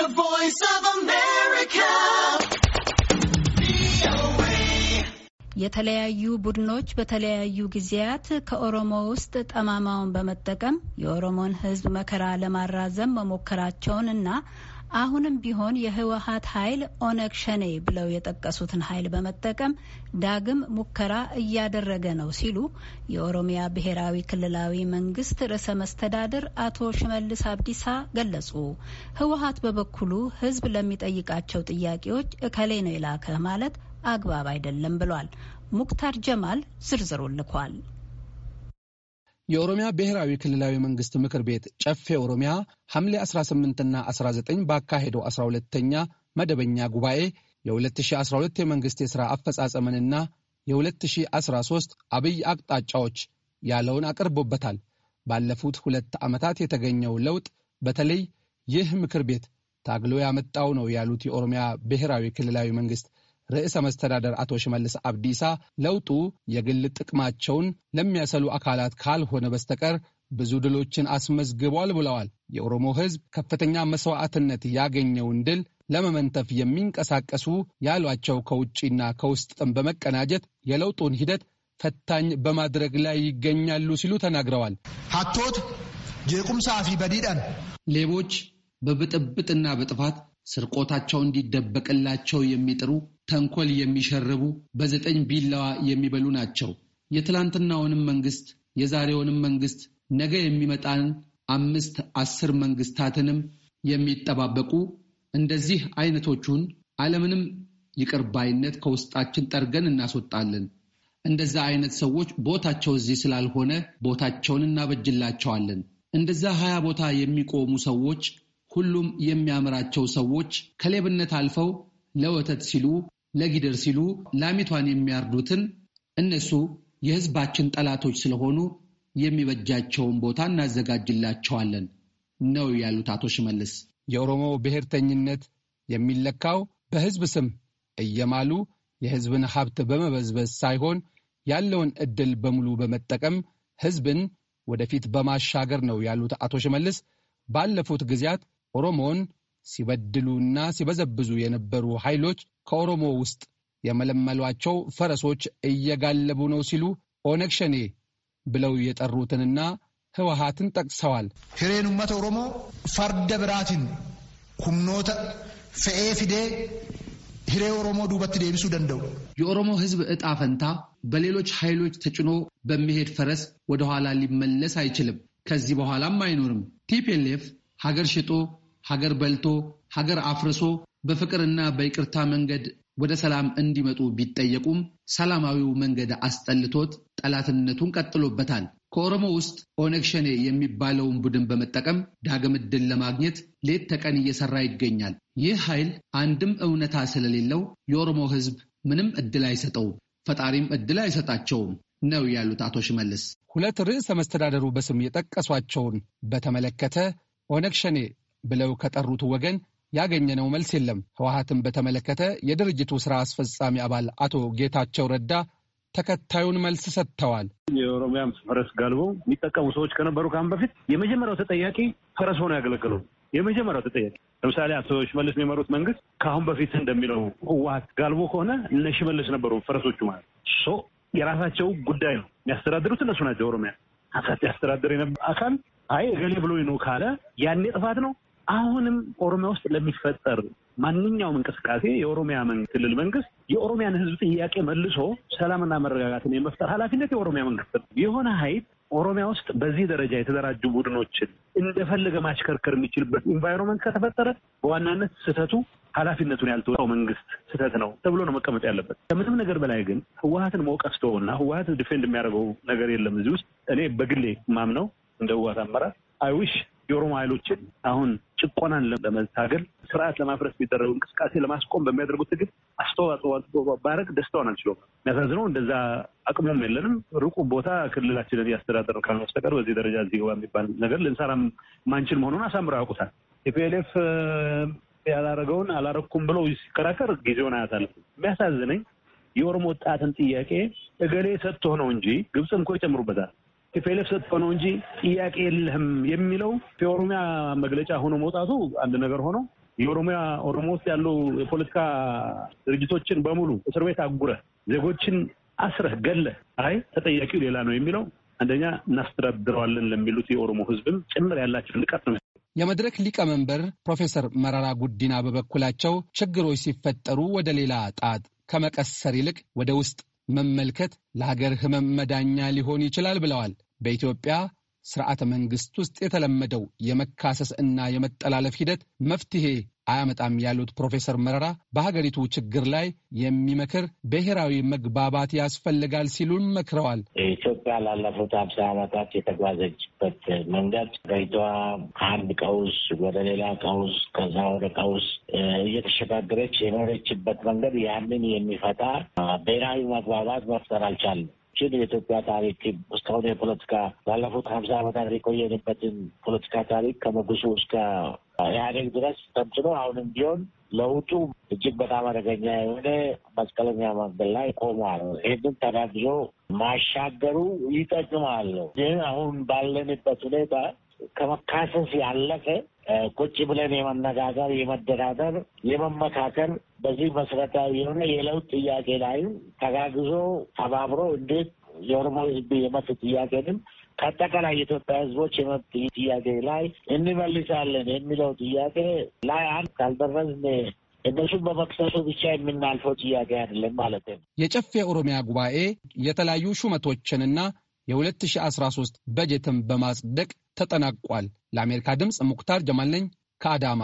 The Voice of America. የተለያዩ ቡድኖች በተለያዩ ጊዜያት ከኦሮሞ ውስጥ ጠማማውን በመጠቀም የኦሮሞን ሕዝብ መከራ ለማራዘም መሞከራቸውን እና አሁንም ቢሆን የህወሀት ኃይል ኦነግ ሸኔ ብለው የጠቀሱትን ኃይል በመጠቀም ዳግም ሙከራ እያደረገ ነው ሲሉ የኦሮሚያ ብሔራዊ ክልላዊ መንግስት ርዕሰ መስተዳድር አቶ ሽመልስ አብዲሳ ገለጹ። ህወሀት በበኩሉ ህዝብ ለሚጠይቃቸው ጥያቄዎች እከሌ ነው የላከ ማለት አግባብ አይደለም ብሏል። ሙክታር ጀማል ዝርዝሩ ልኳል። የኦሮሚያ ብሔራዊ ክልላዊ መንግስት ምክር ቤት ጨፌ ኦሮሚያ ሐምሌ 18ና 19 ባካሄደው 12ተኛ መደበኛ ጉባኤ የ2012 የመንግስት የሥራ አፈጻጸምንና የ2013 አብይ አቅጣጫዎች ያለውን አቅርቦበታል። ባለፉት ሁለት ዓመታት የተገኘው ለውጥ በተለይ ይህ ምክር ቤት ታግሎ ያመጣው ነው ያሉት የኦሮሚያ ብሔራዊ ክልላዊ መንግስት ርዕሰ መስተዳደር አቶ ሽመልስ አብዲሳ ለውጡ የግል ጥቅማቸውን ለሚያሰሉ አካላት ካልሆነ በስተቀር ብዙ ድሎችን አስመዝግቧል ብለዋል። የኦሮሞ ሕዝብ ከፍተኛ መስዋዕትነት ያገኘውን ድል ለመመንተፍ የሚንቀሳቀሱ ያሏቸው ከውጭና ከውስጥም በመቀናጀት የለውጡን ሂደት ፈታኝ በማድረግ ላይ ይገኛሉ ሲሉ ተናግረዋል። ሀቶት ጄቁም ሳፊ በዲደን ሌቦች በብጥብጥና በጥፋት ስርቆታቸው እንዲደበቅላቸው የሚጥሩ ተንኮል የሚሸርቡ በዘጠኝ ቢላዋ የሚበሉ ናቸው። የትላንትናውንም መንግስት የዛሬውንም መንግስት ነገ የሚመጣን አምስት አስር መንግስታትንም የሚጠባበቁ እንደዚህ አይነቶቹን ዓለምንም ይቅር ባይነት ከውስጣችን ጠርገን እናስወጣለን። እንደዛ አይነት ሰዎች ቦታቸው እዚህ ስላልሆነ ቦታቸውን እናበጅላቸዋለን። እንደዛ ሀያ ቦታ የሚቆሙ ሰዎች ሁሉም የሚያምራቸው ሰዎች ከሌብነት አልፈው ለወተት ሲሉ ለጊደር ሲሉ ላሚቷን የሚያርዱትን እነሱ የሕዝባችን ጠላቶች ስለሆኑ የሚበጃቸውን ቦታ እናዘጋጅላቸዋለን ነው ያሉት አቶ ሽመልስ። የኦሮሞ ብሔርተኝነት የሚለካው በሕዝብ ስም እየማሉ የሕዝብን ሀብት በመበዝበዝ ሳይሆን ያለውን ዕድል በሙሉ በመጠቀም ሕዝብን ወደፊት በማሻገር ነው ያሉት አቶ ሽመልስ ባለፉት ጊዜያት ኦሮሞን ሲበድሉና ሲበዘብዙ የነበሩ ኃይሎች ከኦሮሞ ውስጥ የመለመሏቸው ፈረሶች እየጋለቡ ነው ሲሉ ኦነግ ሸኔ ብለው የጠሩትንና ህወሀትን ጠቅሰዋል። ሄሬን ኡመተ ኦሮሞ ፈርደ ብራትን ኩምኖተ ፈኤ ፊዴ ሂሬ ኦሮሞ ዱበት ደብሱ ደንደው የኦሮሞ ህዝብ ዕጣ ፈንታ በሌሎች ኃይሎች ተጭኖ በሚሄድ ፈረስ ወደኋላ ሊመለስ አይችልም። ከዚህ በኋላም አይኖርም። ቲፒኤልኤፍ ሀገር ሽጦ ሀገር በልቶ ሀገር አፍርሶ በፍቅርና በይቅርታ መንገድ ወደ ሰላም እንዲመጡ ቢጠየቁም ሰላማዊው መንገድ አስጠልቶት ጠላትነቱን ቀጥሎበታል። ከኦሮሞ ውስጥ ኦነግ ሸኔ የሚባለውን ቡድን በመጠቀም ዳግም ዕድል ለማግኘት ሌት ተቀን እየሰራ ይገኛል። ይህ ኃይል አንድም እውነታ ስለሌለው የኦሮሞ ሕዝብ ምንም ዕድል አይሰጠውም፣ ፈጣሪም ዕድል አይሰጣቸውም ነው ያሉት አቶ ሽመልስ። ሁለት ርዕሰ መስተዳደሩ በስም የጠቀሷቸውን በተመለከተ ኦነግ ሸኔ ብለው ከጠሩት ወገን ያገኘነው መልስ የለም። ህወሀትን በተመለከተ የድርጅቱ ስራ አስፈጻሚ አባል አቶ ጌታቸው ረዳ ተከታዩን መልስ ሰጥተዋል። የኦሮሚያ ፈረስ ጋልቦ የሚጠቀሙ ሰዎች ከነበሩ ከአሁን በፊት የመጀመሪያው ተጠያቂ ፈረስ ሆኖ ያገለገሉ የመጀመሪያው ተጠያቂ ለምሳሌ አቶ ሽመልስ የሚመሩት መንግስት ከአሁን በፊት እንደሚለው ህወሀት ጋልቦ ከሆነ እነ ሽመልስ ነበሩ ፈረሶቹ ማለት ሶ የራሳቸው ጉዳይ ነው። የሚያስተዳድሩት እነሱ ናቸው። ኦሮሚያ ያስተዳድር የነበረ አካል አይ እገሌ ብሎ ነው ካለ ያኔ ጥፋት ነው አሁንም ኦሮሚያ ውስጥ ለሚፈጠር ማንኛውም እንቅስቃሴ የኦሮሚያ ክልል መንግስት የኦሮሚያን ህዝብ ጥያቄ መልሶ ሰላምና መረጋጋትን የመፍጠር ኃላፊነት የኦሮሚያ መንግስት ነው። የሆነ ሀይል ኦሮሚያ ውስጥ በዚህ ደረጃ የተደራጁ ቡድኖችን እንደፈለገ ማሽከርከር የሚችልበት ኢንቫይሮንመንት ከተፈጠረ በዋናነት ስህተቱ ኃላፊነቱን ያልተወጣው መንግስት ስህተት ነው ተብሎ ነው መቀመጥ ያለበት። ከምንም ነገር በላይ ግን ህወሀትን መውቀስ ተውና ህወሀት ዲፌንድ የሚያደርገው ነገር የለም እዚህ ውስጥ እኔ በግሌ ማምነው እንደ ህወሀት አመራር አይዊሽ የኦሮሞ ኃይሎችን አሁን ጭቆናን ለመታገል ስርዓት ለማፍረስ የሚደረጉ እንቅስቃሴ ለማስቆም በሚያደርጉት ትግል አስተዋጽኦ ባረግ ደስታውን አልችለውም። የሚያሳዝነው እንደዛ አቅሙም የለንም። ሩቁ ቦታ ክልላችንን እያስተዳደር ካልሆነ በስተቀር በዚህ ደረጃ እዚህ ግባ የሚባል ነገር ልንሰራም ማንችል መሆኑን አሳምረው ያውቁታል። የፒኤልኤፍ ያላረገውን አላረኩም ብለው ሲከራከር ጊዜውን አያሳልፍም። የሚያሳዝነኝ የኦሮሞ ወጣትን ጥያቄ እገሌ ሰጥቶ ነው እንጂ ግብፅም እኮ ይጨምሩበታል ቲፒኤልኤፍ ሰጥቶ ነው እንጂ ጥያቄ የለህም የሚለው የኦሮሚያ መግለጫ ሆኖ መውጣቱ አንድ ነገር ሆኖ የኦሮሚያ ኦሮሞ ውስጥ ያሉ የፖለቲካ ድርጅቶችን በሙሉ እስር ቤት አጉረ ዜጎችን አስረህ ገለህ አይ ተጠያቂው ሌላ ነው የሚለው አንደኛ እናስተዳድረዋለን ለሚሉት የኦሮሞ ህዝብም ጭምር ያላቸው ንቀት ነው። የመድረክ ሊቀመንበር ፕሮፌሰር መረራ ጉዲና በበኩላቸው ችግሮች ሲፈጠሩ ወደ ሌላ ጣት ከመቀሰር ይልቅ ወደ ውስጥ መመልከት ለሀገር ህመም መዳኛ ሊሆን ይችላል ብለዋል። በኢትዮጵያ ስርዓተ መንግስት ውስጥ የተለመደው የመካሰስ እና የመጠላለፍ ሂደት መፍትሄ አያመጣም ያሉት ፕሮፌሰር መረራ በሀገሪቱ ችግር ላይ የሚመክር ብሔራዊ መግባባት ያስፈልጋል ሲሉን መክረዋል። ኢትዮጵያ ላለፉት ሀምሳ ዓመታት የተጓዘችበት መንገድ ሀገሪቷ ከአንድ ቀውስ ወደ ሌላ ቀውስ፣ ከዛ ወደ ቀውስ እየተሸጋገረች የኖረችበት መንገድ ያንን የሚፈታ ብሔራዊ መግባባት መፍጠር አልቻለም። ችን የኢትዮጵያ ታሪክ እስካሁን የፖለቲካ ባለፉት ሀምሳ ዓመታት የቆየንበትን ፖለቲካ ታሪክ ከመጉሱ እስከ ኢህአዴግ ድረስ ተምትኖ አሁንም ቢሆን ለውጡ እጅግ በጣም አደገኛ የሆነ መስቀለኛ መንገድ ላይ ቆሟል። ይህንን ተዳግዞ ማሻገሩ ይጠቅማል። ግን አሁን ባለንበት ሁኔታ ከመካሰስ ያለፈ ቁጭ ብለን የመነጋገር፣ የመደራደር፣ የመመካከል በዚህ መሰረታዊ የሆነ የለውጥ ጥያቄ ላይም ተጋግዞ ተባብሮ እንዴት የኦሮሞ ህዝብ የመብት ጥያቄንም ከአጠቃላይ የኢትዮጵያ ህዝቦች የመብት ጥያቄ ላይ እንመልሳለን የሚለው ጥያቄ ላይ አንድ ካልደረስን እነሱም በመክሰሱ ብቻ የምናልፈው ጥያቄ አይደለም ማለት ነው። የጨፌ ኦሮሚያ ጉባኤ የተለያዩ ሹመቶችንና የ2013 በጀትን በማጽደቅ ተጠናቋል። ለአሜሪካ ድምፅ ሙክታር ጀማል ነኝ ከአዳማ።